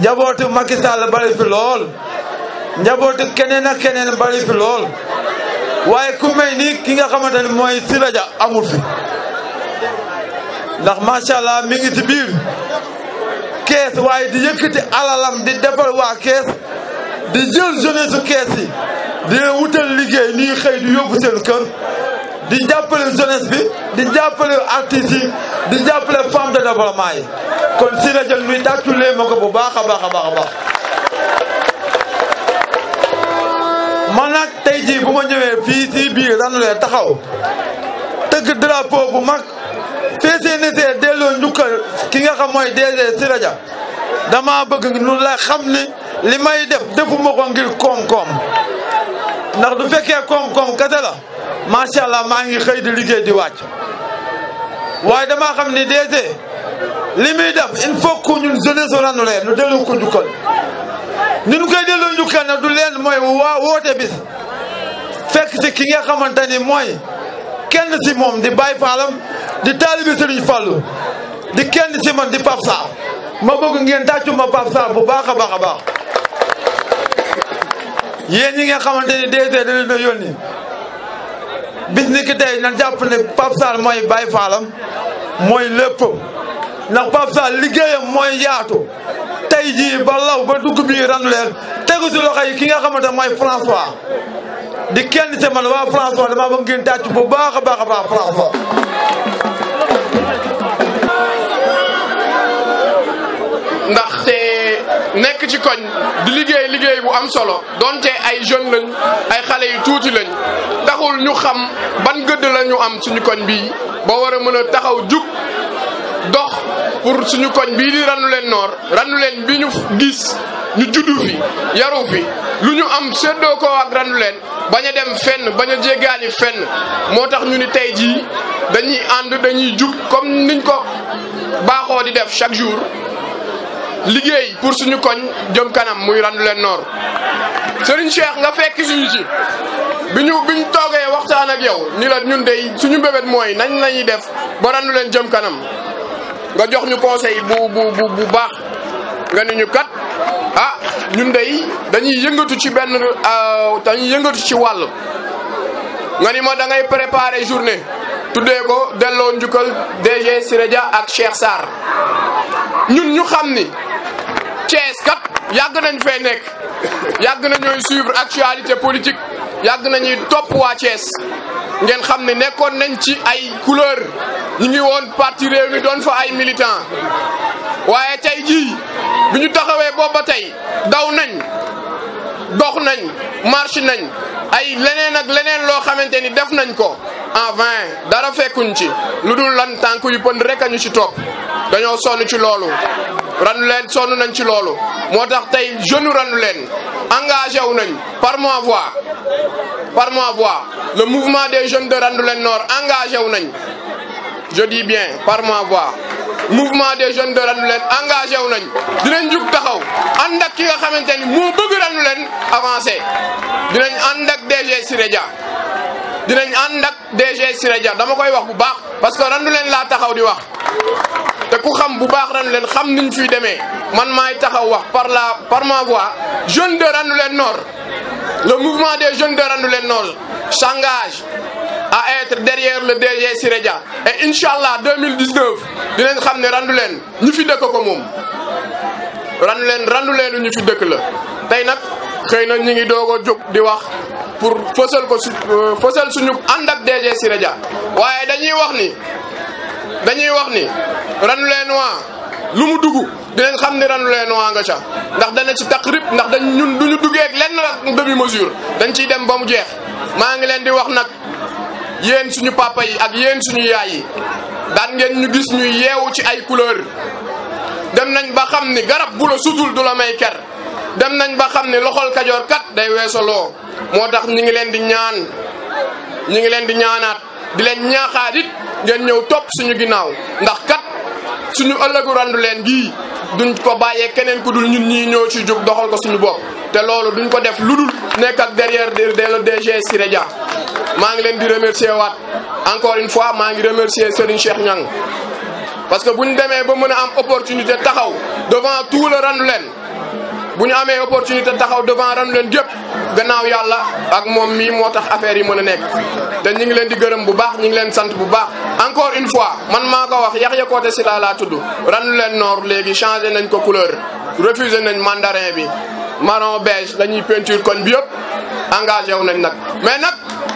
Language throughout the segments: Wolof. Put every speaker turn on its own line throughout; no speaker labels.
njabootu Macky Sall bari fi lool njabootu keneen ak keneen bari fi lool waaye ku mel ni ki nga xamante ni mooy Sylla Dia amul fi ndax macha allah mi biir kees waaye di yëkkati alalam di defal waa kees di jël jeunesse su kees yi di wutal liggéey nii xëy di yóbbu seen kër. di jàppale jeunesse bi di jàppale artistes yi di jàppale femme de développement yi kon Siré Dia mi tàcculee ma ko bu baax a baax a baax a baax nag tey jii bu ma ñëwee fii si biir dañu leen taxaw tëgg drapeau bu mag feesee ne see delloo njukkal ki nga xam mooy DG Siré Dia dama bëgg nu la xam ni li may def defuma ko ngir koom-koom ndax du fekkee koom-koom kese la macha allah maa ngi xëy di liggéey di wàcc waaye dama xam ni DG li muy def il faut ñun jeunesse su ràññu leen ñu delloo ko njukkal ni ñu koy du leen mooy waa woote bis fekk ci ki nga xamante ni mooy kenn ci moom di Baye Fallam di taalibi Serigne Fallou di kenn si man di Pape Sarr ma bëgg ngeen tàccu ma Pape Sarr bu baax a baax a baax yéen ñi nga xamante ni DG da leen yónni. bis ni ki tey nan jàpp ne Pape Sarr mooy Baye Fallam mooy lépp ndax Pape Sarr liggéeyam mooy yaatu tey jii ba law ba dugg bii randu leen tegu si loxo yi ki nga xamante mooy François di kenn ci man waa wa damaa bëgg ngeen tàcc bu baax a baax a baax François
ndaxte nekk ci koñ di liggéey liggéey bu am solo donte ay jeune lañ ay xale yu tuuti lañ taxul ñu xam ban gëdd lañu am suñu koñ bii ba war a mën a taxaw jug dox pour suñu koñ bii di ranu leen noor ranu leen bi ñu gis ñu juddu fi yaru fi lu ñu am séddoo ko ak ranu leen bañ a dem fenn bañ a jéggaani fenn moo tax ñu ni tey jii dañuy ànd dañuy jug comme niñ ko baaxoo di def chaque jour liggéey pour suñu koñ jëm kanam muy randu len nor Serigne Cheikh nga fekk suñu ci biñu biñ togué waxtaan ak yow ni la ñun day suñu bébét moy nañ lañuy def ba randu len jëm kanam nga jox ñu conseil bu bu bu bu baax nga ni ñu kat ah ñun day dañuy yëngatu ci euh dañuy yëngatu ci wàll nga ni mo da ngay préparer journée tuddee ko delloo njukkal DG Sireja ak Cheikh sar, ñun ñu xamni Thiès kat yàgg nañ fee nekk yàgg nañooy suivre actualité politique yàgg nañuy topp waa Thiès ngeen xam ne nekkoon nañ ci ay couleur ñu ngi woon parti réew doon fa ay militant waaye tey jii bi ñu taxawee ba tey daw nañ dox nañ marche nañ ay leneen ak leneen loo xamante ni def nañ ko en vain dara fekkuñ ci lu dul lan tànk yi pënd rek a ñu ci topp dañoo sonn ci loolu. Ranoulen sonn nañ ci loolu moo tax tey jeune Ranoulen engagé wu nañ par ma voix par ma voix le mouvement des jeunes de Ranoulen Nord engagé wu nañ je dis bien par ma voix. mouvement des jeunes de Randu Leen engagé wu nañ dinañ jug taxaw ànd ak ki nga xamante ni moo bëgg Randu Leen avancé dinañ ànd ak DG Siré dinañ ànd ak DG Siré Dia dama koy wax bu baax parce que Randu Leen laa taxaw di wax te ku xam bu baax Randu Leen xam niñ fiy demee man may taxaw wax par la par ma voix jeune de Randu Leen Nord le mouvement des jeunes de Randu Leen Nord s'engage à être derrière le DG si Dia et incha allah 2019 dinañ xam ne randu leen ñu fi dëkk ko moom leen randu leen ñu fi dëkk la tey nag xëy na ñu ngi doog a jóg di wax pour fësal ko su euh, fësal suñu ànd ak DG Siré Dia waaye dañuy wax ni dañuy wax ni randu leen waa lu mu dugg dinañ xam ne ranu leen waa nga ca ndax dana ci taqrib ndax dañ ñun du ñu duggee ak lenn demi mesure dañ ciy dem ba mu jeex maa ngi leen di wax nag yen suñu papa yi ak yéen suñu yaay yi ngeen ñu gis ñu yeewu ci ay couleur dem nañ ba xamni ni garab bu la sutul du la may ker dem nañ ba xamni ni loxol kadior kat day weesaloo moo tax ñi ngi leen di ñaan ñi ngi leen di ñaanat di leen ñaaxaat ngeen ñew top suñu ginaaw ndax kat suñu ëllëgu randu leen gi duñ ko bàyyee keneen ku dul ñun ñi ñoo ci jóg doxal ko suñu bop te loolu duñ ko def ludul nekk ak derrière de le DG Siré maa ngi leen di remercier waat encore une fois maa ngi remercier Serigne Cheikh Niang parce que bu ñu demee ba mën a am opportunité taxaw devant tout le Randoulène bu ñu amee opportunité taxaw devant Randoulène gépp gannaaw yàlla ak moom mii moo tax affaire yi mën a nekk te ñu ngi leen di gërëm bu baax ñu ngi leen sant bu baax encore une fois man maa ko wax Yaxya Koté Sylla laa tudd Randoulène Nord léegi changé nañ ko couleur refusé nañ mandarin bi marron beige la ñuy peinture koñ bi yëpp engagé wu nañ nag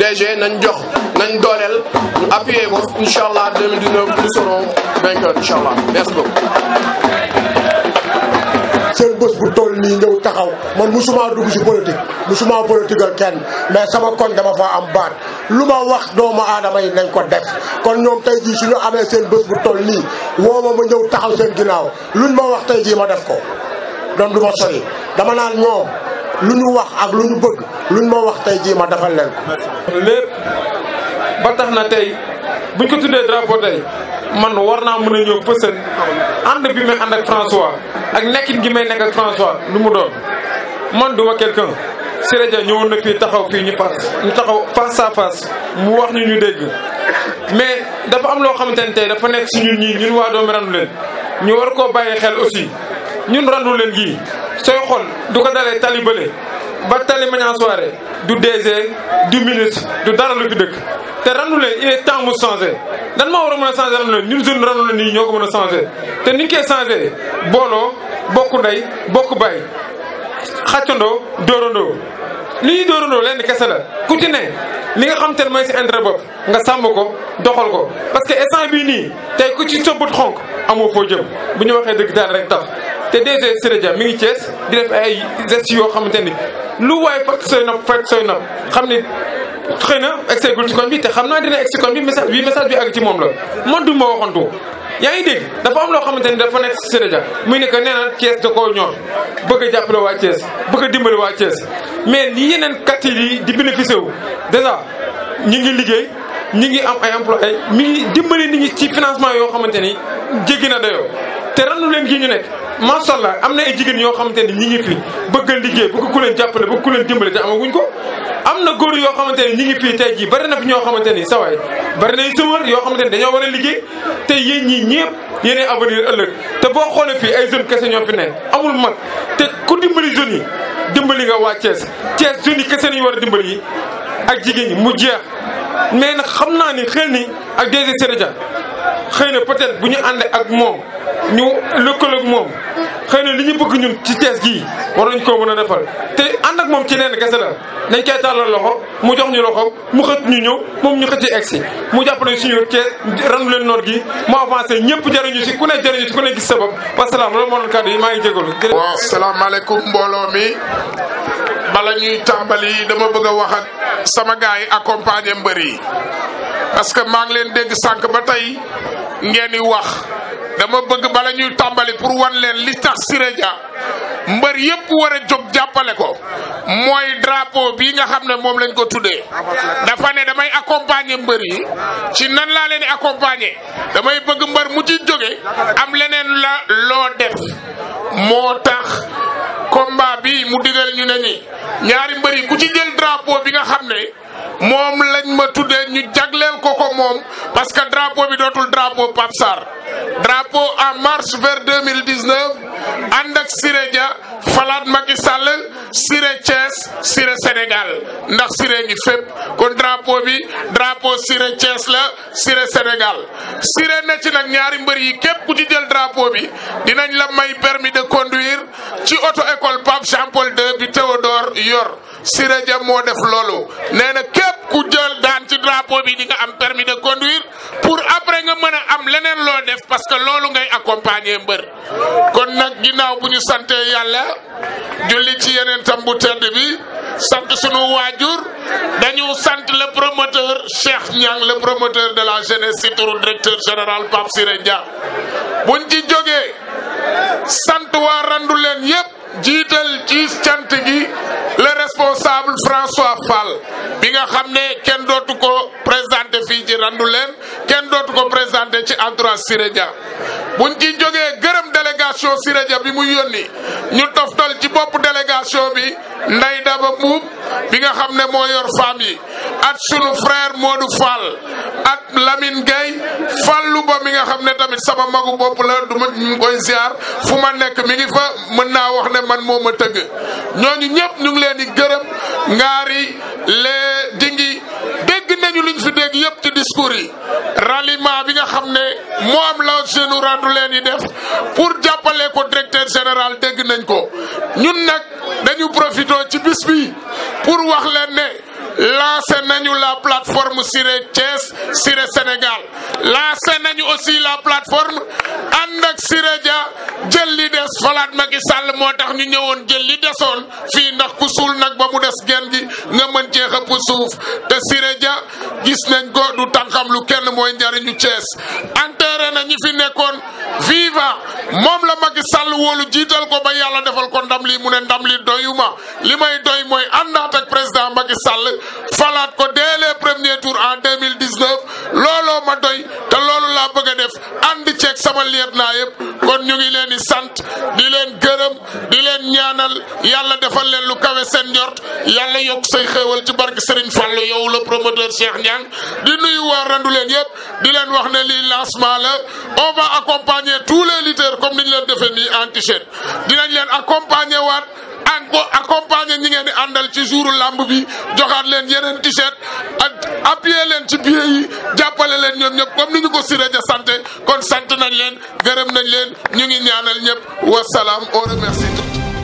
DG nañ jox nañ dooleel ñu appuyer ko incha allah 2019 nous serons vainqueurs incha seen bés bu toll nii ñëw taxaw
man musuma dugg ci politique musuma politique ak kenn mais sama koñ dama fa am baat lu ma wax doomu aadama yi nañ ko def kon ñoom tey jii suñu amee seen bës bu toll nii woo ma ma ñëw taxaw seen ginnaaw luñ ma wax tey jii ma def ko. doon du ma sori dama naan ñoom. lu ñu wax ak lu ñu bëgg lu ñu ma wax tey jii ma defal leen ko. lépp ba tax na tey buñ ko tuddee drapeau tey man war naa mën a ñëw pësën ànd bi may ànd ak François ak nekkin gi may nekk ak François lu mu doon man duma quelqu'un Siré Dia ñëwoon na fii taxaw fii ñu face ñu taxaw face à face mu wax ñu ñu dégg mais dafa am loo xamante ne tey dafa nekk si ñii ñun waa doomi randu leen ñu war koo bàyyi xel aussi ñun randu leen gii sooy xool du ko dalee tali bële ba tali mañaa soirée du DG du ministre du dara lu fi dëkk te Randoulène il est temps mu dan moo war a mën a changé Randoulène ñun jeune Randoulène nii ñoo ko mën a changé te ni ñu changé booloo bokk ndey bokk bay xàccandoo dóorandoo li ñuy dóorandoo kese la ku ci ne li nga xam te ne mooy si intérêt bopp nga samb ko doxal ko parce que instant bii nii tey ku ci sa bët xonk amoo foo jëm bu ñu waxee dëgg daal rek tax te DG Siré Dia mi ngi Thiès di def ay gestes yoo xamante ni lu waaye fekk sooy nopp fekk sooy nopp xam ni xëy na exegul ci koñ bi te xam naa dina egg ci koñ bi message bi message bi àgg ci moom la man du ma waxantu. yaa ngi dégg dafa am loo xamante ni dafa nekk si Siré Dia muy ne que nee na Thiès da koo ñor bëgg a jàppale waa Thiès bëgg dimbali waa Thiès mais li yeneen kat yi di bénéficier wu dèjà ñu ngi liggéey. ñi ngi am ay emploi mi dimbali nit ñi ci financement yoo xamante ni jéggi na dayoo te ranu leen gi ñu nekk macha allah am na ay jigéen yoo xamante ni ñi ngi fi bëgg a liggéey bëgg ku leen jàppale bëgg ku leen dimbale te amaguñ ko. am na góor yoo xamante ne ñi ngi fii tey jii bari na fi ñoo xamante ni sawaay bari nay sëmër yoo xamante ni dañoo war a liggéey te yéen ñii ñëpp yéenay avenir ëllëg te boo xoolee fii ay jeunes kese ñoo fi ne amul mag te ku dimbali jeunes yi dimbali nga waa Thiès Thiès jeunes yi kese nañu war a dimbali yi ak jigéen ñi mu jeex mais nag xam naa ni xel ni ak DG Sénégal xëy na peut-être bu ñu ànd ak moom ñu lëkkaloog moom xëy na li ñu bëgg ñun ci tees gi war nañ koo mën a defal te ànd ak moom ci lenn kese la nañ koy tàllal loxo mu jox ñu loxo mu xëcc ñu ñëw moom ñu ci xëcc si mu jàppale suñu Thiès ranu leen noor gi mu avancé ñëpp jëriñu si ku
ne jëriñu si ku ne gis sabab parce loolu moo doon kàddu yi maa ngi jégalu. waaw salaamaaleykum mbooloo mi bala ñuy tàmbali dama bëgg a wax ak sama gars yi accompagner mbër yi parce que maa ngi leen dégg sànq ba tey ngeen di wax. dama bëgg bala ñuy tàmbali pour wan leen li tax Siré Dia mbër yëpp war a jóg jàppale ko mooy drapeau bii nga xam ne moom lañ ko tuddee dafa ne damay accompagner mbër yi ci nan laa leen di accompagner damay bëgg mbër mu ci jóge am leneen la loo def moo tax combat bi mu digal ñu ne ñi ñaari mbër yi ku ci jël drapeau bi nga xam ne moom lañ ma tuddee ñu jagleel ko ko moom parce que drapeau bi dootul drapo Pape sar drapeau en mars vers 2019 ànd ak Siré Dia falaat Macky Sall Siré Thiès Siré Sénégal ndax Siré ngi fépp kon drapeau bi drapeau Siré Thiès la Siré Sénégal Siré na ci nag ñaari mbër yi képp ku ci jël drapeau bi dinañ la may permis de conduire ci oto école Pape Jean Paul II bi Théodore yor Siré ja moo def loolu nee na képp ku jël daan ci drapeau bi di nga am permis de conduire pour après nga mën a am leneen loo def parce que loolu ngay accompagner mbër. kon nag ginnaaw bu ñu santee yàlla julli ci yeneen tam bu tedd bi sant sunu waajur dañu sant le promoteur Cheikh Niang le promoteur de la jeunesse ci turu directeur général Pape Siré Dia buñ ci jógee sant waa randu leen yépp jiital ci cant gi le responsable François Fall bi nga xam ne kenn dootu ko présenté fii ji randu leen kenn dootu ko présenté ci entourage Siré Dia buñ ji jógee gërëm délégation Siré Dia bi mu yónni ñu toftal ci bopp délégation bi Ndey Daba Mbuub bi nga xam ne moo yor femmes yi ak sunu frère Modou Fall ak Lamine Gueye lu ba mi nga xam ne tamit sama magu bopp la du ma ñu koy ziar fu ma nekk mi ngi fa mën naa wax ne man moo ma tëgg ñooñu ñëpp ñu ngi leen di gërëm ngaari les dingi dégg nañu luñ fi dégg yëpp ci discours yi ralliement bi nga xam ne moo am la seenu randu leen di def pour jàppale ko directeur général dégg nañ ko ñun nag dañu profité ci bis bi pour wax leen ne. lancé nañu la plateforme Siré Thiès Siré Sénégal lancé nañu aussi la plateforme ànd ak sire Dia jël li des falaat Macky Sall moo tax ñu ñëwoon jël li desoon fii ndax ku suul nag ba mu des genn gi nga mën cee xëpp suuf te sire Dia gis nañ ko du tànkam lu kenn mooy njariñu Thiès enterré na ñi fi nekkoon viva moom la Macky Sall wóolu jiital ko ba yàlla defal ko ndam lii mu ne ndam li doyuma li doy mooy àndaat Macky Sall falat ko dès les premiers tours en 2019 lolo ma doy te lolo la bëgg def def ci ak sama liet naa yëpp kon ñu ngi leen di sant di leen gërëm di leen ñaanal yalla defal leen lu kawé sen ñort yalla yok sey xéewal ci barke Serigne Fallou yow le promoteur Cheikh ñang di nuyu waa randu leen yëpp di leen wax ne li lancement la on va accompagner tous les leaders comme niñ ñu leen defee nii en t-shirt dinañ leen accompagner waat accompagner ñi ngeen di àndal ci jouru làmb bi joxaat leen yeneen t-shirt ak appuyer leen ci biir yi jàppale leen ñoom ñëpp comme ni ñu ko Siré Dia sant kon sant nañ leen gërëm nañ leen ñu ngi ñaanal ñëpp wasalaam on remercie